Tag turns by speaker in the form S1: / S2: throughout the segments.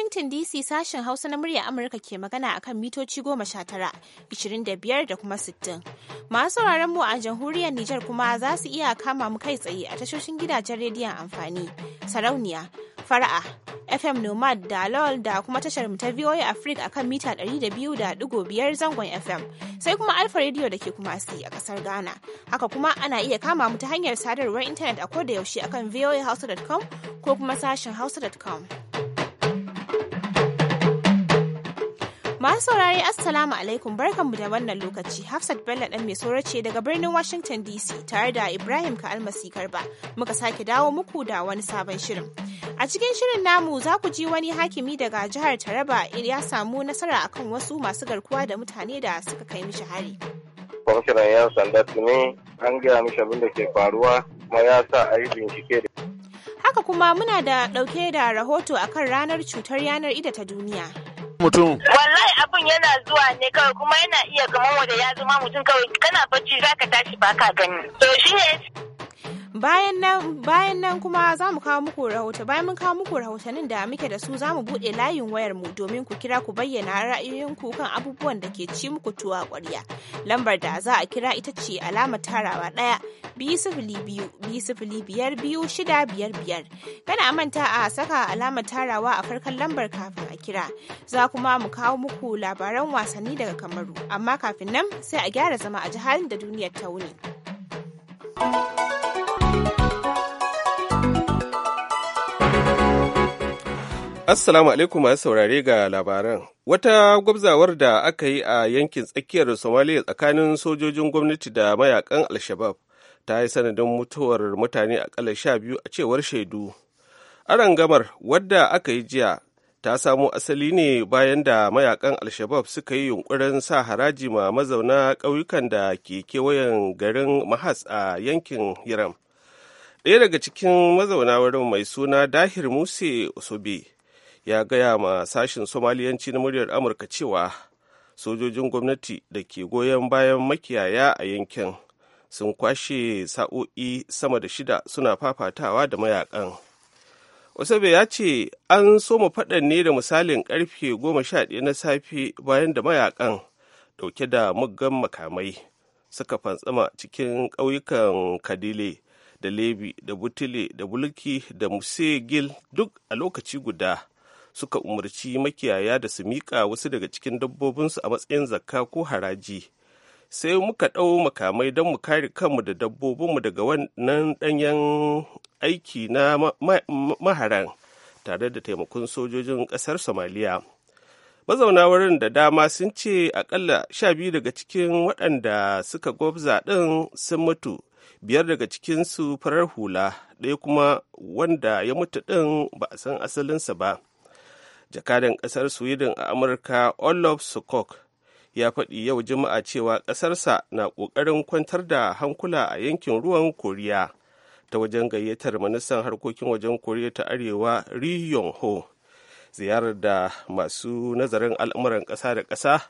S1: Washington DC sashen Hausa na murya Amurka ke magana akan mitoci goma sha tara, ishirin da biyar da kuma sittin. Masu sauraron mu a jamhuriyar Nijar kuma za su iya kama mu kai tsaye a tashoshin gidajen rediyon amfani, sarauniya, fara'a, FM Nomad da Lawal da kuma tashar mu ta VOA Africa akan mita ɗari da da biyu biyar zangon FM. Sai kuma Alfa Radio da ke kuma si a kasar Ghana. Haka kuma ana iya kama mu ta hanyar sadarwar intanet a da yaushe akan voahausa.com ko kuma sashen hausa.com. Masu saurare Assalamu alaikum barkanmu da wannan lokaci. Hafsat Bello Dan mai ce daga birnin Washington DC tare da Ibrahim almasi karba muka sake dawo muku da wani sabon shirin. A cikin shirin namu za ku ji wani hakimi daga jihar Taraba ya samu nasara akan wasu masu garkuwa da mutane da suka kai mishi hari.
S2: Kwamishinan 'yan sanda tuni an gaya mishi abin da ke faruwa kuma ya sa a yi bincike da.
S1: Haka kuma muna da ɗauke da rahoto akan ranar cutar yanar ida ta duniya mutum? Wallahi abun yana
S3: zuwa ne kawai kuma yana iya kamar wanda ya zama mutum kawai kana bacci ka tashi ba ka gani. To ne
S1: bayan nan bayan nan kuma za mu kawo muku rahoto bayan mun kawo muku rahotannin da muke da su za mu buɗe layin wayar mu domin ku kira ku bayyana ra'ayoyinku kan abubuwan da ke ci muku tuwa ƙwarya lambar da za a kira ita ce alama tarawa ɗaya biyu sifili biyu biyu sifili biyar biyu shida biyar biyar kada a manta a saka alamar tarawa a farkon lambar kafin a kira za kuma mu kawo muku labaran wasanni daga kamaru amma kafin nan sai a gyara zama a jihar da duniyar ta wuni. thank you
S4: Assalamu alaikum masu saurare ga labaran. Wata gwabzawar da aka yi a yankin tsakiyar Somalia tsakanin sojojin gwamnati da mayakan Alshabab ta yi sanadin mutuwar mutane akalla sha biyu a cewar shaidu. Arangamar wadda aka yi jiya ta samo asali ne bayan da mayakan Alshabab suka yi yunkurin sa haraji ma mazauna ƙauyukan da ke kewayen garin Mahas a yankin Hiram. Ɗaya daga cikin mazauna wurin mai suna Dahir Musa Osobe. ya gaya ma sashin somaliyanci na muryar amurka cewa sojojin gwamnati da ke goyon bayan makiyaya a yankin sun kwashe sa'o'i sama da shida suna fafatawa da mayakan osebe ya ce an soma faɗan ne da misalin ƙarfe goma sha ɗaya na safe bayan da mayakan ɗauke da muggan makamai suka fantsama cikin ƙauyukan kadile da lebi da butile da bulki da musegil duk a lokaci guda suka umarci makiyaya da su miƙa wasu daga cikin dabbobinsu a matsayin zakka ko haraji sai muka ɗau makamai don mu kare kanmu da dabbobinmu daga wannan ɗanyen aiki na maharan tare da taimakon sojojin ƙasar somaliya mazauna wurin da dama sun ce akalla sha biyu daga cikin waɗanda suka gwabza ɗin sun mutu biyar daga cikinsu farar hula ɗaya kuma wanda ya mutu ɗin ba a san asalinsa ba jakadan kasar sweden a amurka olof sukok ya faɗi yau juma'a cewa ƙasarsa na ƙoƙarin kwantar da hankula a yankin ruwan koriya ta wajen gayyatar ministan harkokin wajen koriya ta arewa ri yong ho ziyarar da masu nazarin al'amuran ƙasa da ƙasa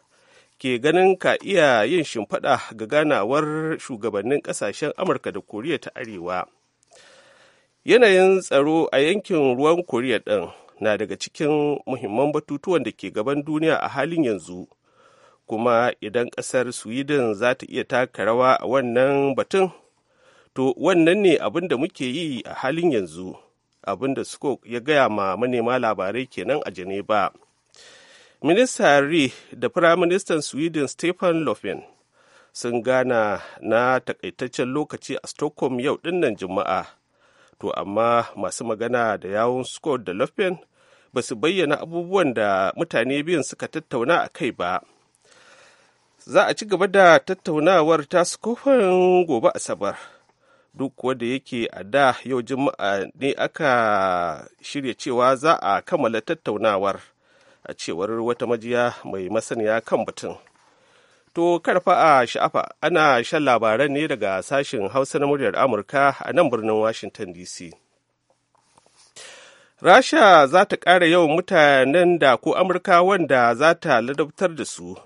S4: ke ganin ka iya yin shimfiɗa ga ganawar shugabannin ƙasashen amurka da koriya ta arewa yanayin tsaro a yankin ruwan koriya ɗin na daga cikin muhimman batutuwan da ke gaban duniya a halin yanzu kuma idan ƙasar sweden za ta iya taka rawa a wannan batun to wannan ne abin da muke yi a halin yanzu abin da suko ya gaya ma manema labarai kenan a geneva minista ri da firaministan sweden stefan Löfven sun gana na takaitaccen lokaci a stockholm yau dinnan juma'a to amma masu magana da yawun scott da lofven ba su bayyana abubuwan da mutane biyun suka tattauna a kai ba za a ci gaba da tattaunawar su kofin gobe asabar duk wanda yake a da yau juma'a ne aka shirya cewa za a kammala tattaunawar a cewar wata majiya mai masaniya kan batun to karfa a sha'afa ana shan labaran ne daga sashen hausa na muryar amurka a nan birnin washington dc rasha za ta ƙara yawan mutanen da ko amurka wanda za ta ladabtar da su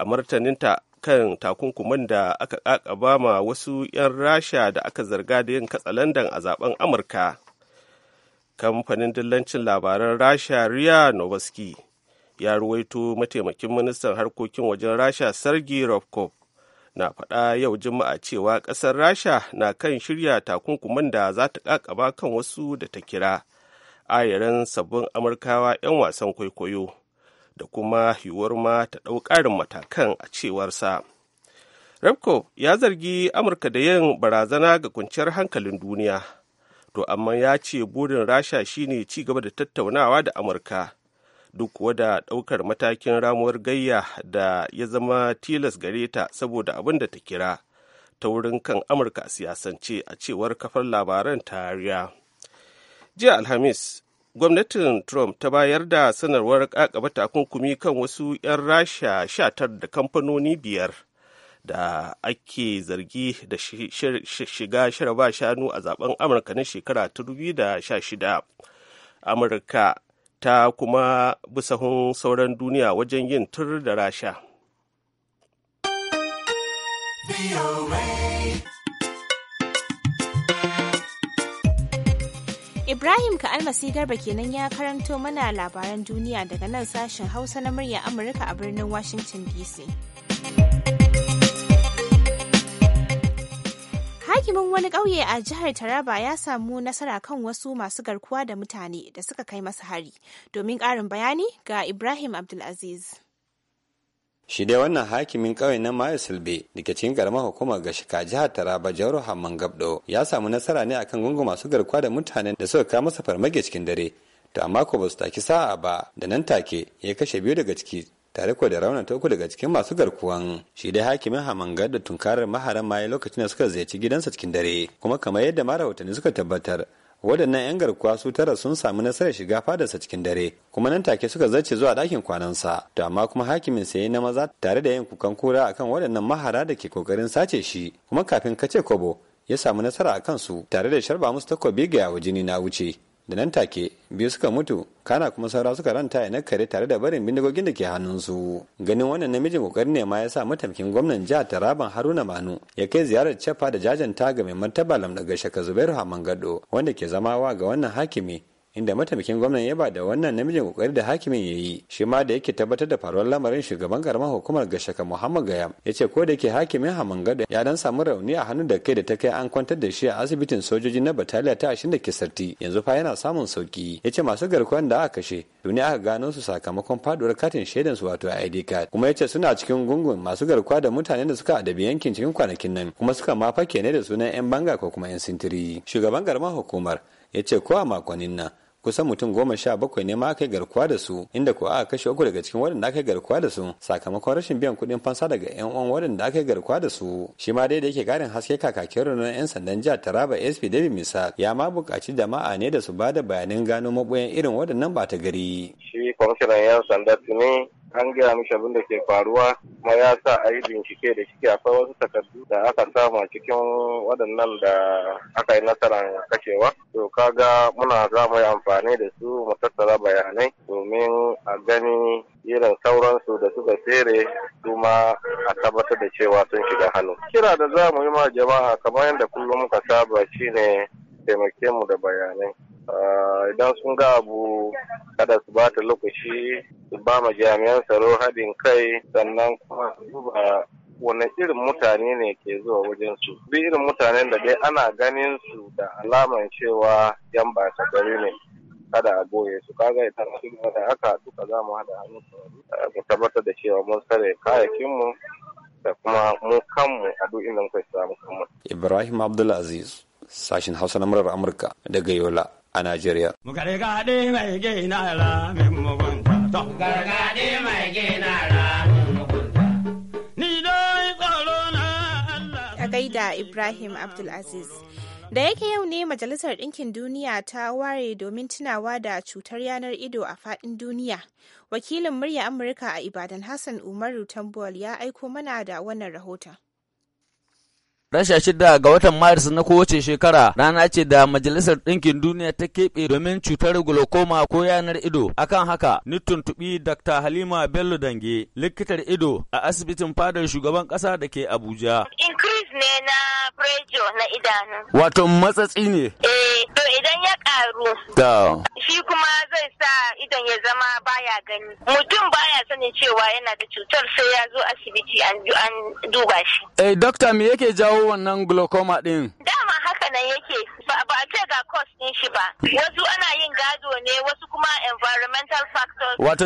S4: a martaninta kan takunkuman da aka ƙaƙaba ma wasu 'yan rasha da aka zarga da yin katsalandan a zaben amurka kamfanin dillancin labaran rasha riya novoski ya ruwaito mataimakin ministan harkokin wajen rasha sergei rovkov na faɗa yau juma'a cewa ƙasar rasha na kan shirya takunkuman da za ta kan wasu da ta kira ayarin sabbin amurkawa 'yan wasan kwaikwayo da kuma yiwuwar ma ta ɗau matakan a cewarsa repco ya zargi amurka da yin barazana ga kwanciyar hankalin duniya to amma ya ce burin rasha shine ci gaba da tattaunawa da amurka duk wada da ɗaukar matakin ramuwar gayya da ya zama tilas gare ta saboda abin da ta kira ta wurin kan amurka siyasance a cewar kafar labaran tariya jiya alhamis gwamnatin trump ta bayar da sanarwar kakaba takunkumi kan wasu 'yan rasha shatar da kamfanoni biyar da ake zargi da shiga ba shanu a zaben amurka na shekara ta 2016 amurka ta kuma bisahun sauran duniya wajen yin tur da rasha.
S1: Ibrahim ka almasi garba kenan ya karanto mana labaran duniya daga nan sashen Hausa na murya Amurka a birnin Washington DC. Hakimin wani ƙauye a jihar Taraba ya samu nasara kan wasu masu garkuwa da mutane da suka kai masa hari. Domin ƙarin bayani ga Ibrahim Abdulaziz.
S5: shi dai wannan hakimin ƙauye na mayo silbe da ke cikin karamar hukumar gashika jihar taraba jihar hamman gabdo ya samu nasara ne akan gungu masu garkuwa da mutanen da suka kawo masa farmage cikin dare to amma ko ba su taki sa'a ba da nan take ya kashe biyu daga ciki tare ko da ta uku daga cikin masu garkuwan shi dai hakimin hamangar da tunkarar maharan maye lokacin da suka ziyarci gidansa cikin dare kuma kamar yadda ma suka tabbatar waɗannan 'yan garkuwa su tara sun sami nasarar shiga fadarsa cikin dare kuma nan take suka zace zuwa ɗakin kwanansa to amma kuma hakimin sai na maza tare da yin kukan kura akan waɗannan mahara da ke kokarin sace shi kuma kafin kace kobo ya samu nasara akan su tare da sharba musu takobi ga yawo jini na wuce da nan take biyu suka mutu kana kuma saura suka ranta na kare tare da barin bindigogin da ke hannunsu ganin wannan namijin ƙoƙari ne ma ya sa mataimakin gwamnan jihar taraban haruna manu ya kai ziyarar cefa da jajanta ga mai martaba lamdaga shaka zubairu hamangado wanda ke zama wa ga wannan hakimi inda mataimakin gwamnan ya ba da wannan namijin kokari da hakimin ya yi shi ma da yake tabbatar da faruwar lamarin shugaban karamar hukumar gashaka muhammad gaya ya ce ko da yake hakimin hamangado ya dan samu rauni a hannun da kai da ta kai an kwantar da shi a asibitin sojoji na bataliya ta ashirin da ke sarti yanzu fa yana samun sauki ya ce masu garkuwan da aka kashe duniya aka gano su sakamakon faduwar katin shaidan su wato id card kuma ya ce suna cikin gungun masu garkuwa da mutanen da suka adabi yankin cikin kwanakin nan kuma suka ma fake ne da sunan yan banga ko kuma yan sintiri shugaban karamar hukumar ya ce ko a makonnin nan kusan mutum goma sha bakwai ne ma aka yi garkuwa da su inda ko aka kashe uku daga cikin waɗanda aka garkuwa da su sakamakon rashin biyan kuɗin fansa daga yan uwan waɗanda aka yi garkuwa da su shi ma daidai yake karin haske kakakin rundunar yan sandan jihar taraba sp david misal ya ma buƙaci jama'a ne da su ba da bayanin gano maɓoyan irin waɗannan ɓata gari.
S2: shi kwamishinan yan sanda tuni an gaya mishi abin da ke faruwa kuma ya sa a yi bincike da shi akwai wasu takardu da aka samu a cikin waɗannan da aka yi nasarar kashewa to kaga muna za mu yi amfani da su mu tattara bayanai domin a gani irin sauransu da suka tsere kuma a tabbatar da cewa sun shiga hannu kira da za mu yi ma jama'a kamar yadda kullum muka saba shine taimake mu da bayanai Eh, idan sun ga abu kada su ba ta lokaci su ba ma jami'an tsaro haɗin kai sannan kuma su duba wani irin mutane ne ke zuwa wajen su bi irin mutanen da dai ana ganin su da alaman cewa yan ba gari ne kada a goye su kaga idan su da haka duka za mu haɗa hannu eh, mu tabbatar da cewa mun tsare kayakinmu da kuma mu kanmu a duk inda muka samu kanmu.
S5: Ibrahim Abdulaziz, sashin Hausa na murar Amurka daga Yola. a Najeriya.
S1: Ibrahim Abdulaziz. Da yake yau ne Majalisar Ɗinkin Duniya ta ware domin tunawa da cutar yanar ido a faɗin duniya. Wakilin murya Amurka a Ibadan Hassan Umaru Tambuwal ya aiko mana da wannan rahoton.
S6: Rasha shida ga watan Maris na kowace shekara rana ce da Majalisar Ɗinkin Duniya ta keɓe domin cutar glaucoma ko yanar ido. Akan haka, ni tuntuɓi Dr. Halima Bello Dange, likitar ido a asibitin fadar shugaban ƙasa da ke Abuja.
S3: ne na prejo na idanu.
S6: Wato matsatsi ne?
S3: Eh, to idan ya karu. Shi kuma zai sa idan ya zama baya gani. Mutum baya sanin cewa yana da cutar sai ya zo asibiti an duba shi.
S6: Eh, dokta me yake jawo wannan glaucoma din?
S3: Dama haka nan yake ba a ce ga cost din shi ba. Wasu ana yin gado ne, wasu kuma environmental factors.
S6: Wato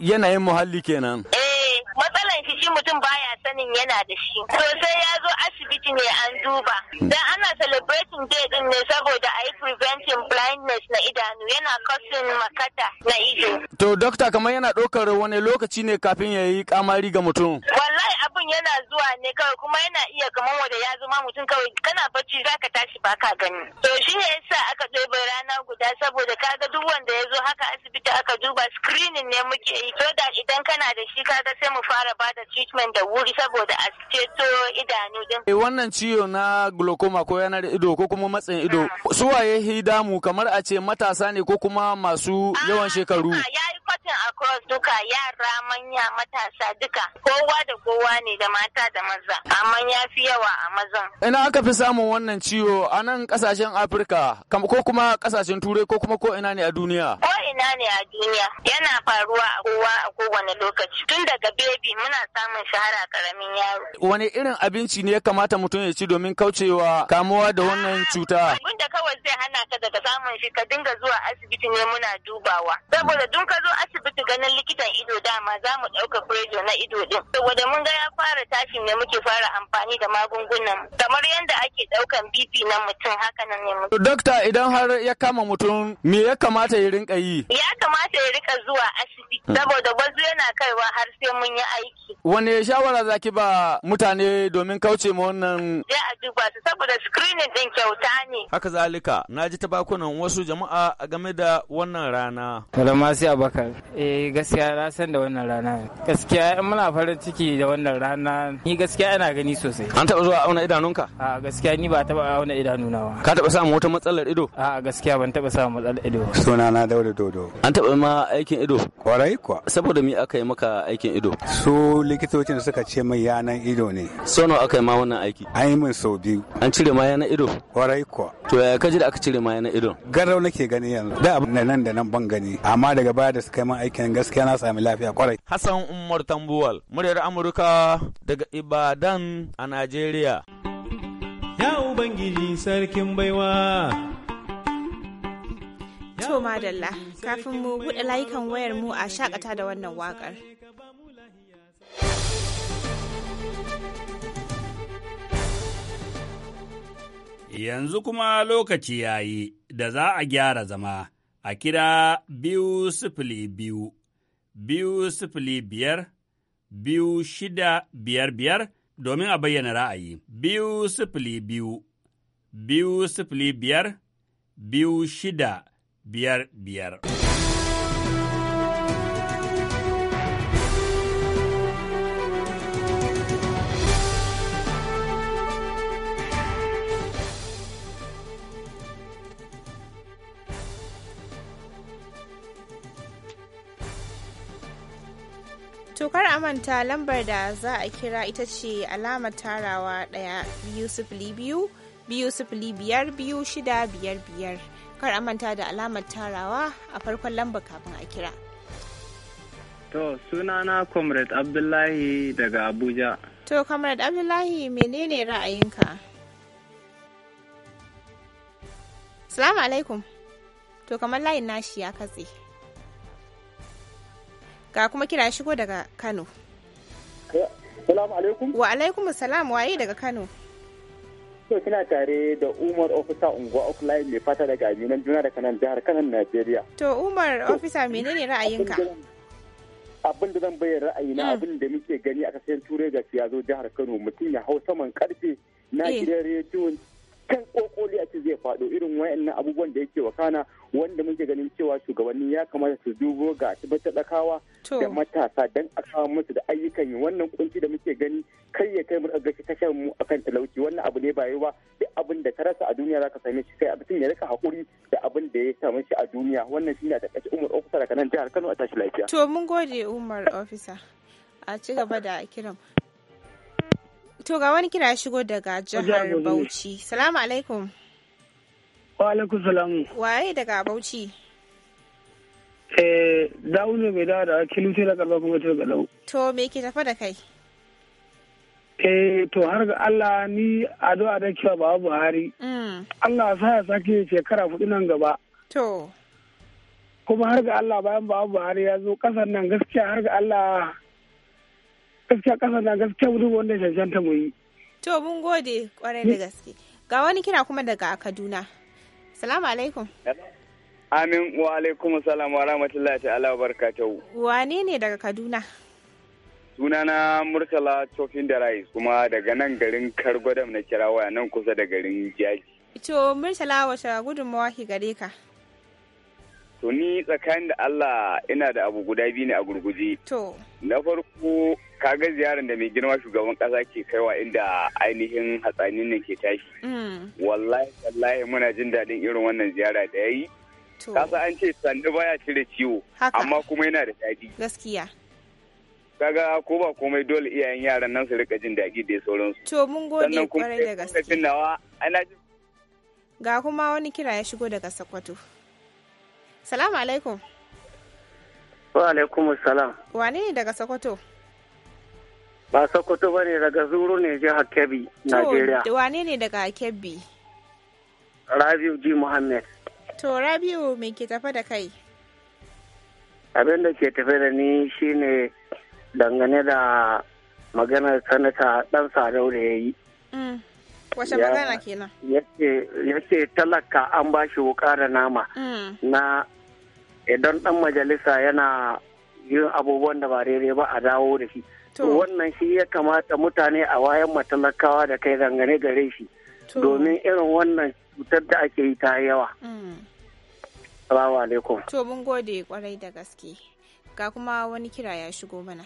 S6: yanayin muhalli kenan.
S3: Eh, matsalan shi shi mutum baya sanin yana da shi to sai ya zo asibiti ne an duba dan ana celebrating day din ne saboda a yi preventing blindness na idanu yana kasin makata na ido
S6: to dokta kamar yana ɗaukar wani lokaci ne kafin ya yi kamari ga mutum
S3: wallahi abun yana zuwa ne kawai kuma yana iya kamar wanda ya zama mutum kawai kana bacci zaka tashi baka gani to shi ne yasa aka ɗebe rana guda saboda kaga duk wanda ya zo haka asibiti aka duba screening ne muke yi so da idan kana da shi kaga sai mu fara ba da treatment da wuri saboda a ceto idanu
S6: din. Eh, wannan ciwo na glaucoma ko yanar ido ko kuma matsin ido ah. su waye hidamu kamar a ce matasa ne ko kuma masu ah, yawan shekaru. Ya
S3: yi kwatin across duka yara manya matasa duka kowa da kowa ne da mata da maza amma ya fi yawa a mazan. Ina
S6: aka fi samun wannan ciwo a nan kasashen Afirka ko kuma kasashen Turai ko kuma ko ina ne a duniya.
S3: gida ne a duniya yana faruwa a kowa a kowane lokaci tun daga bebi muna samun shahara karamin yaro
S6: wani irin abinci ne ya kamata mutum ya ci domin kaucewa kamuwa da wannan ah, cuta abinda
S3: kawai zai hana ka daga samun shi ka dinga zuwa asibiti ne muna dubawa saboda dun ka zo asibiti ganin likitan ido dama za mu ɗauka kurejo na ido din saboda mun ga ya fara tashin ne muke fara amfani da magungunan kamar yadda ake ɗaukan bp na mutum haka nan ne mutum.
S6: dokta idan har ya kama mutum me ya kamata ya rinka yi
S3: ya kamata ya rika zuwa asibiti hmm. saboda wasu yana kaiwa har sai mun yi aiki
S6: wane shawara zaki ba mutane domin kauce ma wannan
S3: ya a duba su saboda screening din kyauta ne
S6: haka zalika na ji tabakunan wasu jama'a a game da wannan rana kalama sai abakar eh gaskiya na san da wannan rana gaskiya
S7: muna farin ciki da wannan rana ni gaskiya ina gani sosai an taɓa zuwa auna idanunka a gaskiya ni ba taɓa auna idanuna ba
S6: ka taɓa samun wata matsalar ido a gaskiya ban taɓa samun matsalar ido
S7: sunana daure ido.
S6: An taɓa ma aikin ido? Kwarai kuwa. Saboda mi aka yi maka aikin ido? Su likitocin suka ce mai yanan ido ne. Sono aka yi ma wannan aiki? An yi min sau biyu. An cire ma yanan ido? Kwarai kuwa. To yaya ka da aka cire ma yanan ido?
S7: Garau nake gani yanzu. Da abin nan da nan ban gani. Amma daga baya da suka yi min aikin gaskiya na sami lafiya kwarai.
S6: Hassan Umar Tambuwal, muryar Amurka daga Ibadan a Najeriya.
S5: Ya Ubangiji sarkin baiwa.
S1: To madalla, kafin mu buɗe layukan wayar mu a shakata da wannan waƙar.
S5: Yanzu kuma lokaci ya yi da za a gyara zama a kira biyu sifili biyu, biyu sifili biyar, biyu shida biyar biyar domin a bayyana ra'ayi. Biyu sifili biyu, biyu sifili biyar, biyu shida biyar biyar.
S1: tokar amanta lambar da za a kira ita ce alamar tarawa ɗaya biyu sifili biyu biyu sifili biyar biyu shida biyar biyar kar a manta da alamar tarawa a farkon lamba kafin a kira.
S8: To sunana Comrade Abdullahi daga Abuja.
S1: To Comrade Abdullahi menene ra'ayinka? Salamu alaikum. To kamar layin nashi ya katse. Ga kuma kira shigo daga Kano. Salamu alaikum. Wa alaikum salam waye daga Kano.
S9: so kina tare da Umar ofisa unguwa offline mai fata daga aminan juna da kanan jihar kanan Najeriya. To Umar ofisa
S1: menene ra'ayinka?
S9: Abin da zan bayyana ra'ayi na mm. abin da muke gani a kasashen turai ga ya zo jihar Kano mutum ya hau saman karfe na eh. gidan rediyon kan kokoli a ce zai faɗo irin wayannan abubuwan da yake wakana wanda muke ganin cewa shugabanni ya kamata su dubo ga talakawa da matasa dan a kawo musu da ayyukan yi wannan kunci da muke gani kai ya kai mu ta kai mu akan talauci wannan abu ne ba yawa duk abin da ka rasa a duniya zaka same shi sai abin ya rika hakuri da abin da ya same shi a duniya wannan shine a kace Umar ofisa daga nan jihar Kano a tashi lafiya to
S1: mun gode Umar ofisa a ci gaba da kiran To ga wani kira shigo daga jihar Bauchi. Salamu alaikum.
S8: Wa alaikum salamu.
S1: Waye daga Bauchi?
S8: Eh, dawo ne mai dawo da kilu sai da karba kuma ta dawo.
S1: To me ke tafa da kai?
S8: Eh, to har ga Allah ni addu'a da kiwa ba Buhari. Mm. Allah sa ya sake shekara hudu nan gaba. To. Kuma har ga Allah bayan ba Buhari ya zo ƙasar nan gaskiya har ga Allah gaskiya kasa na gaskiya mu wanda janta mu yi
S1: to mun gode kwarai da gaske ga wani kira kuma daga Kaduna salamu alaikum
S3: amin
S7: wa alaikum salam wa rahmatullahi ta'ala wa barakatuhu
S1: wane ne daga Kaduna
S7: sunana murtala tofin da rais kuma daga nan garin kargwadam na kira waya nan kusa da garin jaji
S1: to murtala wata gudunmawa ki gare ka
S7: To ni tsakanin da Allah ina da abu guda biyu ne a gurguje. To. Na farko kaga ziyarar da mai girma shugaban kasa ke kaiwa inda ainihin hatsanin nan ke tashi. Mm. Wallahi wallahi muna jin daɗin irin wannan ziyara da yayi. Kasa an ce sandu baya cire ciwo. Amma kuma yana da daɗi. Gaskiya. Kaga ko ba komai dole iyayen yaran nan su rika jin daɗi da sauransu. To mun gode kwarai da gaske. Sannan kuma
S8: ana
S1: ga kuma wani kira ya shigo daga Sokoto. salamu alaikum
S8: wa alaikum salam
S1: wa ne daga sokoto
S9: ba sokoto ba ne daga zuru ne jihar kebbi najeriya
S1: wa ne daga kebbi
S9: rabiu ji muhammed.
S1: to rabiu me ke tafa da kai
S9: abin da ke tafe da ni shine dangane da maganar sanata dan sadau da ya yi
S1: mm. Wace magana kenan?
S9: Yake talaka an ba shi wuka da nama. Mm. Na idan ɗan majalisa yana yin abubuwan da ba daidai ba a dawo da shi. To wannan shi ya kamata mutane a wayan matalakawa da kai dangane gare shi. Domin irin wannan cutar da ake yi ta yawa. Mm. Salamu alaikum.
S1: To mun gode kwarai da gaske. Ga kuma wani kira ya shigo mana.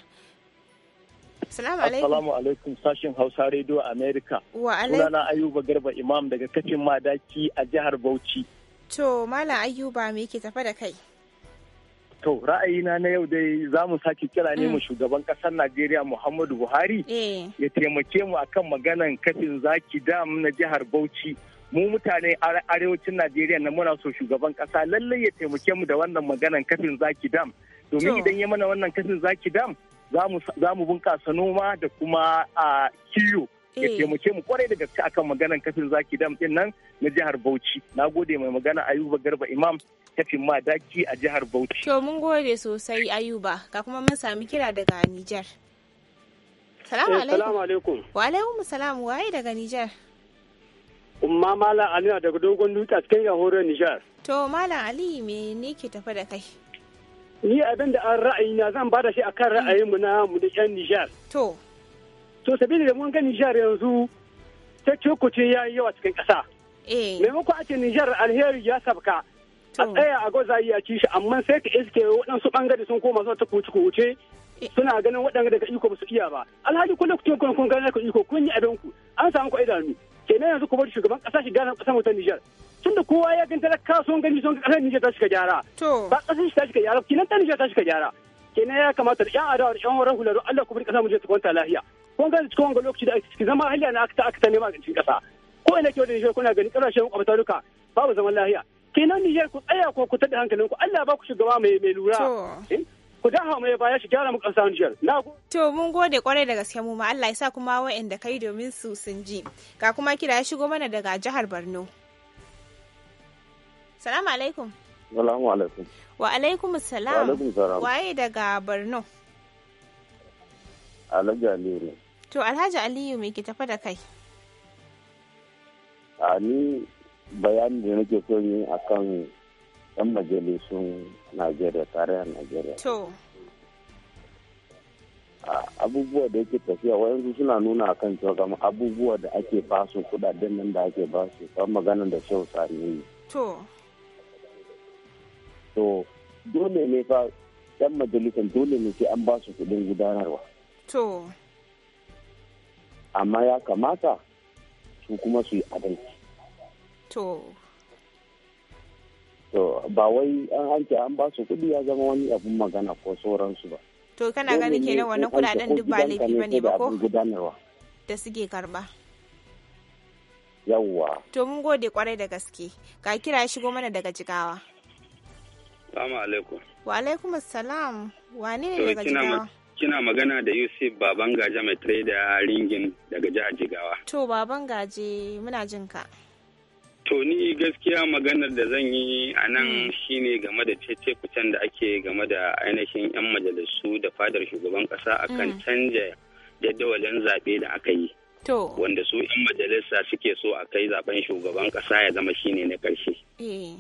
S1: Salamu alaikum. Assalamu
S8: alaikum sashen Hausa Radio America.
S1: Wa alaikum. Sunana
S8: Ayuba Garba Imam daga Kacin madaki a jihar Bauchi.
S1: To Malam Ayuba me yake tafa da kai?
S8: To ra'ayina na yau dai za mu sake kira ne mm. mu shugaban ƙasar Najeriya Muhammadu Buhari eh. ya taimake mu akan maganan kafin zaki dam na jihar Bauchi. mu mutane arewacin Najeriya na muna so shugaban kasa lallai ya taimake mu da wannan maganan kafin zaki dam domin idan ya mana wannan kafin zaki dam za mu bunƙasa noma da kuma kiwo ya eh. taimake mu kwarai da gaske akan maganan kafin zaki dam din nan na jihar Bauchi. Na gode mai magana Ayuba Garba Imam kafin ma daki a jihar Bauchi.
S1: To mun gode sosai Ayuba, ka kuma mun sami kira daga Nijar. Eh, salamu alaikum. Wa alaikum salam waye daga Nijar.
S8: Umma Malam Ali daga dogon dutse cikin Yahoron Nijar.
S1: To Malam Ali me ne ke tafi da kai?
S8: ni abin da an ra'ayi na zan ba da shi akan ra'ayin mu na mu da yan Nijar. To. To da mun ga Nijar yanzu ta ce ya yi yawa cikin ƙasa. Eh. Maimako a ce Nijar alheri ya sabka. A tsaya a gwaza a ci shi amma sai ka iske waɗansu ɓangare sun koma zuwa ta kuce-kuce. Eh. Suna ganin waɗanda daga iko ba su iya ba. alhaji kullum kun kun kun gane ku iko kun yi abin ku an samu ku idanu. kenan yanzu ku bar shugaban kasa shi gana kasar wutar Nijar tunda kowa ya ganta da kasuwan gani sun kasar Nijar ta shiga gyara ba kasar shi ta shiga gyara kenan ta Nijar ta shiga gyara kenan ya kamata da yan adawa da yan horon hularu Allah ku bar kasa mu je ta kwanta lafiya kun ga cikin wanga lokaci da ake ciki zama hanya na aka aka ta nema ga cikin kasa ko ina ke da Nijar kuna gani kasashen kwabta duka babu zaman lafiya kenan Nijar ku tsaya ko ku tada hankalinku Allah ba ku shugaba mai lura eh? ku hau mai baya shi gyara mu ƙasar Nijar.
S1: To mun gode kwarai da gaske mu ma Allah ya sa kuma waɗanda kai domin su sun ji. Ga kuma kira ya shigo mana daga jihar Borno. Salamu alaikum.
S9: Salamu alaikum.
S1: Wa alaikum salam. Wa alaikum salam. Waye daga Borno?
S9: Alhaji Aliyu.
S1: To Alhaji Aliyu me ke tafa da kai?
S9: A ni bayanin da nake so yi akan 'yan majalisun Najeriya a Najeriya. To. Abubuwa da yake tafiya wayanzu suna nuna a kan cewa abubuwa da ake basu kudaden nan da ake basu kan magana da shau sani. To. To, dole ne fa 'yan majalisun dole ne sai an basu kudin gudanarwa. To. Amma ya kamata su kuma su yi adalci. To. to ba wai an hanke an ba su kuɗi ya zama wani abun magana ko sauransu ba
S1: to kana gani kenan wannan kuɗaɗen duk ba laifi ba ne ba ko da suke karba yawwa to mun gode kwarai da gaske ka kira shigo mana daga jigawa
S7: Salamu alaikum.
S1: Wa alaikum salam. Wane ne daga Jigawa?
S7: Kina magana da Yusuf Baban Gaje mai trader ringin daga jihar Jigawa.
S1: To Baban Gaje muna jin ka.
S7: To ni gaskiya maganar da zan yi a nan mm. shine game da cece kucen da ake game da ainihin 'yan majalisu da fadar shugaban kasa akan mm. canja jadawalin zaɓe da aka yi. Wanda su 'yan majalisa suke so a kai zaben shugaban kasa ya zama shine na ƙarshe. Eh.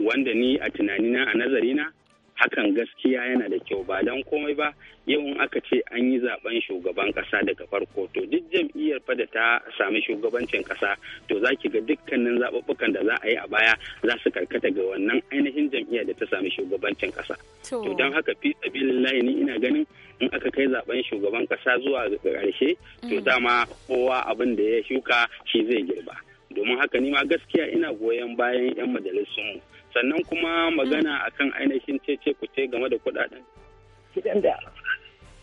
S7: Wanda ni a tunanina a nazarina hakan gaskiya yana da kyau ba don komai ba yau in aka ce an yi zaben shugaban kasa daga farko to duk jam'iyyar fa ta sami shugabancin kasa to za ki ga dukkanin zaɓuɓɓukan da za a yi a baya za su karkata ga wannan ainihin jam'iyyar da ta sami shugabancin kasa to don haka fi sabilillahi ni ina ganin in aka kai zaben shugaban kasa zuwa ƙarshe to mm. dama kowa abin da ya shuka shi zai girba domin haka ni ma gaskiya ina goyon bayan 'yan majalisunmu sannan kuma magana mm. akan ainihin cece ce game da kudaden
S1: gidan da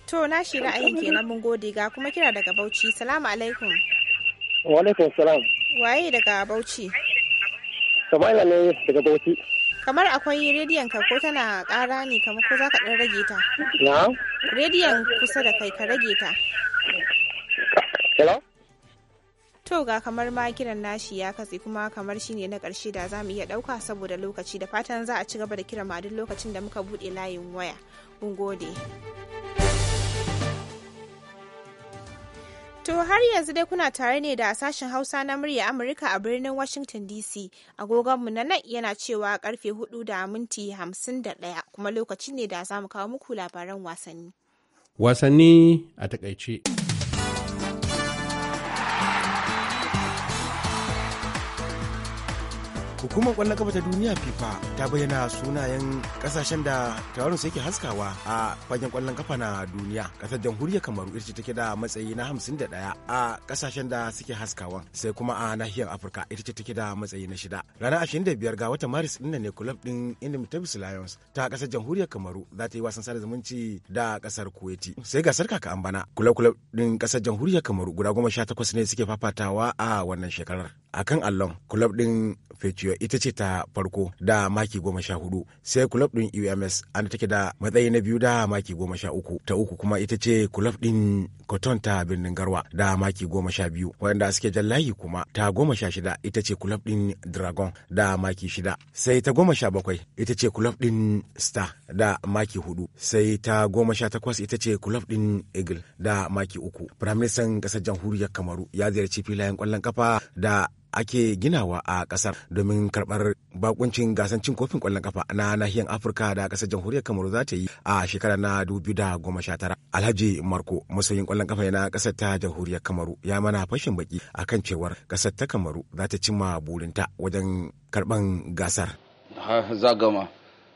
S1: to na shi ra'ayin kenan mun gode ga kuma kira daga Bauchi salamu alaikum
S8: wa alaikum salam
S1: waye daga Bauchi
S8: Sama'ila ne daga Bauchi
S1: kamar akwai rediyon ka ko tana kara ne kamar ko za ka ɗan rage ta. Na? Rediyon kusa da kai ka rage ta. Hello? to ga kamar ma kiran nashi ya katse kuma kamar shi ne na ƙarshe da za mu iya ɗauka saboda lokaci da fatan za a ci gaba da kiran ma duk lokacin da muka buɗe layin waya mun gode To har yanzu dai kuna tare ne da sashen Hausa na murya Amurka a birnin Washington DC. Agogonmu na nan yana cewa karfe 4 da minti 51 kuma lokaci ne da za mu kawo muku labaran wasanni.
S5: Wasanni a takaice.
S10: Hukumar kwallon kafa ta duniya FIFA ta bayyana sunayen kasashen da tauraron su yake haskawa a fagen kwallon kafa na duniya. Kasar jamhuriyar Kamaru ita take da matsayi na 51 a kasashen da suke haskawa sai kuma a nahiyar Afirka ita ce take da matsayi na shida. Ranar 25 ga watan Maris din ne club din Indomitables Lions ta kasar jamhuriyar Kamaru za ta yi wasan sada zumunci da kasar Kuwaiti. Sai gasar kaka an bana kulab-kulab din kasar jamhuriyar Kamaru guda goma sha takwas ne suke fafatawa a wannan shekarar. a kan allon kulob ɗin Feciyo ita ce ta farko da maki goma sha hudu sai kulob ɗin UMS an take da matsayi na biyu da maki goma sha uku ta uku kuma ita ce kulob ɗin koton ta birnin Garwa da maki goma sha biyu waɗanda suke jan layi kuma ta goma sha shida ita ce kulob ɗin Dragon da maki shida sai ta goma sha bakwai ita ce kulob ɗin Star da maki hudu sai ta goma sha takwas ita ce kulob ɗin Eagle da maki uku. Firaministan ƙasar jamhuriyar Kamaru ya ziyarci filayen kwallon kafa da ake ginawa a kasar domin karɓar bakuncin gasar. cin kofin kwallon kafa na nahiyar afirka da kasar jamhuriyar kamaru za ta yi a shekara na da goma sha tara. alhaji marko masoyin kwallon kafa na kasar ta jamhuriyar kamaru ya mana fashin baki kan cewar kasar ta kamaru za ta cimma burinta wajen karban gasar
S6: zagama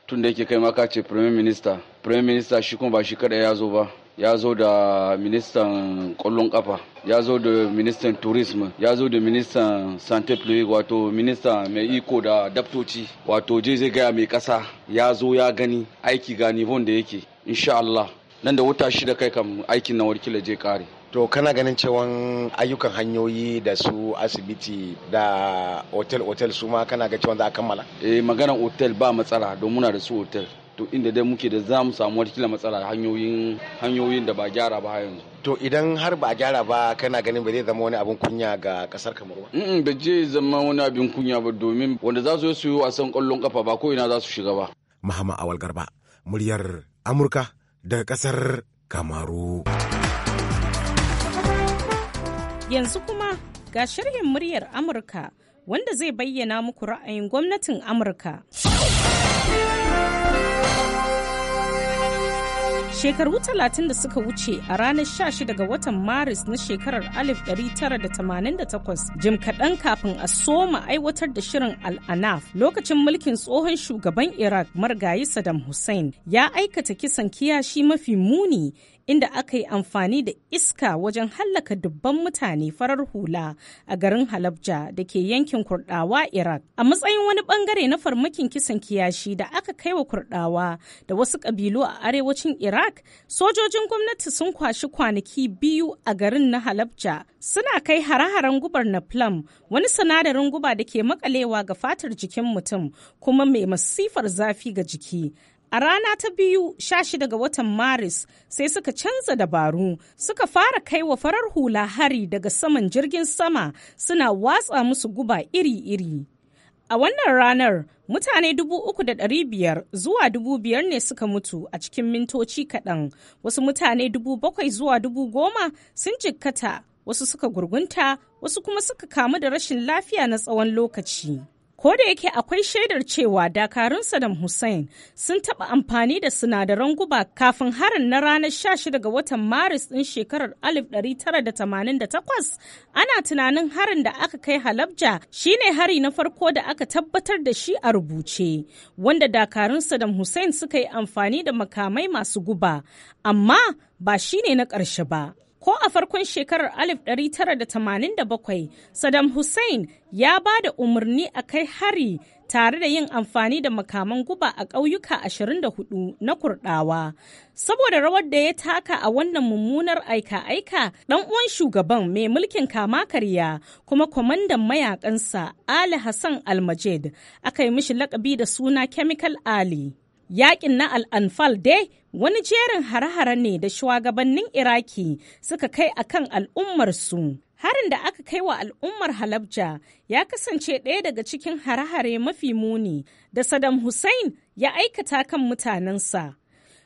S6: tun da yake kai maka ce premier minister premier minister shi kuma ba shi kada ya zo ba ya zo da ministan kwallon kafa ya zo da ministan tourism ya zo da ministan sante publique wato minista mai iko da daftoci wato je zai gaya mai kasa ya zo ya gani aiki ga nivon da yake insha Allah nan da wata shida kai kam aikin na
S10: warkila je kare to kana ganin cewa ayyukan hanyoyi da su asibiti da otel-otel su ma kana ga cewa za a kammala eh maganar otel ba matsala don muna da su otel to inda dai muke da za mu samu wata matsala hanyoyin hanyoyin da ba gyara ba yanzu to idan har ba a gyara ba kana ganin ba zai zama wani abin kunya ga kasar kamaru ba mm ba
S6: zai zama wani abin kunya ba domin wanda za su yi suyo a san kallon kafa ba ko ina za su shiga ba
S10: mahama awal garba muryar amurka daga kasar kamaru
S11: yanzu kuma ga sharhin muryar amurka wanda zai bayyana muku ra'ayin gwamnatin amurka Shekaru talatin da suka wuce a ranar 16 ga watan Maris na shekarar 1988 jim kaɗan kafin a soma aiwatar da shirin al'anaf lokacin mulkin tsohon shugaban Iraq margayi Saddam Hussein ya aikata kisan kiyashi mafi muni inda aka yi amfani da iska wajen hallaka dubban mutane farar hula a garin Halabja da ke yankin Kurdawa Iraq. A matsayin wani bangare na farmakin kisan kiyashi da aka kai wa Kurdawa da wasu kabilu a arewacin Iraq, sojojin gwamnati sun kwashi kwanaki biyu a garin na Halabja suna kai hare-haren gubar na plum wani sinadarin guba da ke makalewa ga fatar jikin mutum kuma mai masifar zafi ga jiki A rana ta biyu sha shida ga watan Maris sai suka canza dabaru suka fara kai wa farar hula hari daga saman jirgin sama suna watsa musu guba iri-iri. A wannan ranar mutane dubu uku da biyar zuwa dubu biyar ne suka mutu a cikin mintoci kaɗan, wasu mutane dubu bakwai zuwa dubu goma sun jikkata, wasu suka gurgunta, wasu kuma suka kamu da rashin lafiya na tsawon lokaci. ko da yake akwai shaidar cewa dakarun Saddam Hussein sun taɓa amfani da sinadaran guba kafin harin na ranar 16 ga watan Maris ɗin shekarar 1988 ana tunanin harin da aka kai Halabja shine hari na farko da aka tabbatar da shi a rubuce wanda dakarun Saddam Hussein suka yi amfani da makamai masu guba amma ba shine na ƙarshe ba. Ko a farkon shekarar 1987, Saddam Hussein ya ba da umarni a kai hari tare da yin amfani da makaman guba a ƙauyuka 24 na kurɗawa. Saboda rawar da ya taka a wannan mummunar aika-aika, ɗan uwan shugaban mai mulkin kama karya kuma kwamandan mayakansa Ali Hassan Almajid aka yi mishi lakabi da suna Chemical Ali. Yaƙin na al'anfal dai wani jerin hare-hare ne da shugabannin Iraki suka kai a kan al'ummarsu. Harin da aka kai wa al'ummar Halabja ya kasance ɗaya daga cikin hare-hare mafi muni da Saddam Hussein ya aikata kan mutanensa.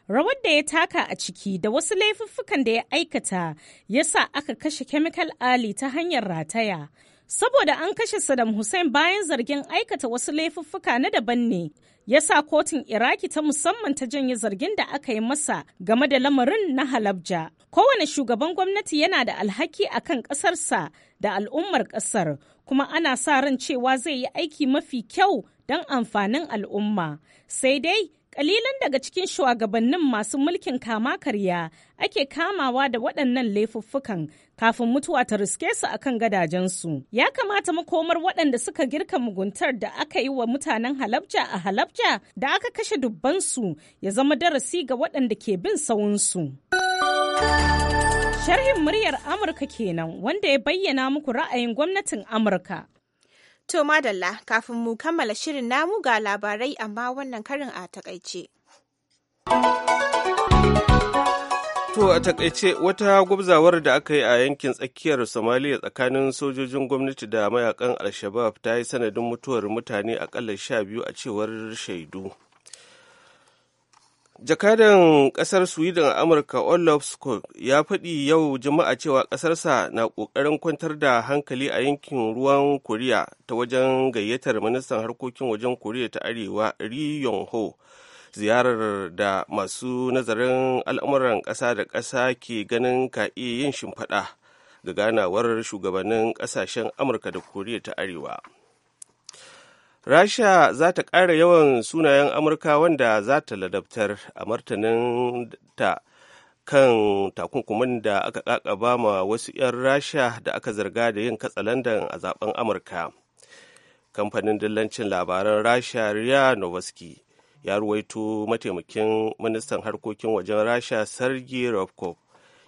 S11: Rawar da ya taka a ciki da wasu laifuffukan da ya aikata ya sa aka kashe Chemical Ali ta hanyar rataya. Saboda an kashe Saddam Hussein bayan zargin aikata wasu laifuffuka na daban ne ya sa kotun iraki ta musamman ta janye zargin da aka yi masa game da lamarin na halabja kowane shugaban gwamnati yana da alhaki a kan ƙasarsa da al'ummar ƙasar kuma ana sa ran cewa zai yi aiki mafi kyau don amfanin al'umma sai dai Kalilan daga cikin shugabannin masu mulkin kama karya ake kamawa da waɗannan laifuffukan kafin mutuwa ta riske su a kan gadajensu. Ya kamata makomar waɗanda suka girka muguntar da aka yi wa mutanen halabja a halabja da aka kashe dubbansu ya zama darasi ga waɗanda ke bin sawunsu. Sharhin muryar Amurka kenan wanda ya bayyana muku ra'ayin gwamnatin Amurka.
S1: To madalla kafin mu kammala shirin namu ga labarai amma wannan karin a takaice.
S4: To a takaice wata gwabzawar da aka yi a yankin tsakiyar Somalia tsakanin sojojin gwamnati da mayakan Alshabab ta yi sanadin mutuwar mutane akalla sha biyu a cewar shaidu. Jakadan kasar Sweden a Amurka Olaf Scott ya faɗi yau Juma'a cewa ƙasarsa na ƙoƙarin kwantar da hankali a yankin ruwan Koriya ta wajen gayyatar ministan harkokin wajen Koriya ta Arewa Ri Yong Ho. Ziyarar da masu nazarin al'amuran ƙasa da ƙasa ke ganin ka iya yin shimfiɗa ga ganawar shugabannin ƙasashen Amurka da Koriya ta Arewa. rasha za ta ƙara yawan sunayen amurka wanda za ta ladabtar a martanin ta kan takunkumin da aka ƙaƙaba ma wasu 'yan rasha da aka zarga da yin katsalandan a zaben amurka kamfanin dillancin labaran rasha riya novoski ya ruwaito mataimakin ministan harkokin wajen rasha sergei rovkov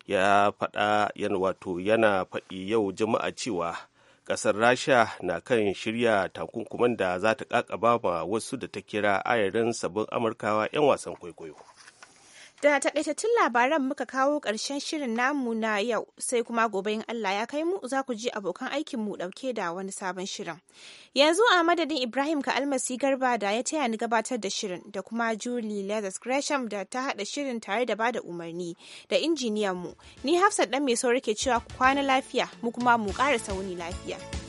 S4: ya faɗa yana wato yana faɗi yau juma'a cewa kasar rasha na kan shirya takunkuman da za ta kakaba ma wasu da ta kira ayarin sabbin amurkawa 'yan wasan kwaikwayo
S1: Da takaitattun labaran muka kawo ƙarshen shirin namu na yau sai kuma gobe in Allah ya kai mu za ku ji abokan aikin mu ɗauke da wani sabon shirin. Yanzu a madadin Ibrahim ka almasi garba da ya taya ni gabatar da shirin da kuma Julie Leathers Gresham da ta haɗa shirin tare da bada umarni da injiniyan mu. Ni Hafsat ɗan mai sauri ke cewa ku kwana lafiya mu kuma mu ƙara sauni lafiya.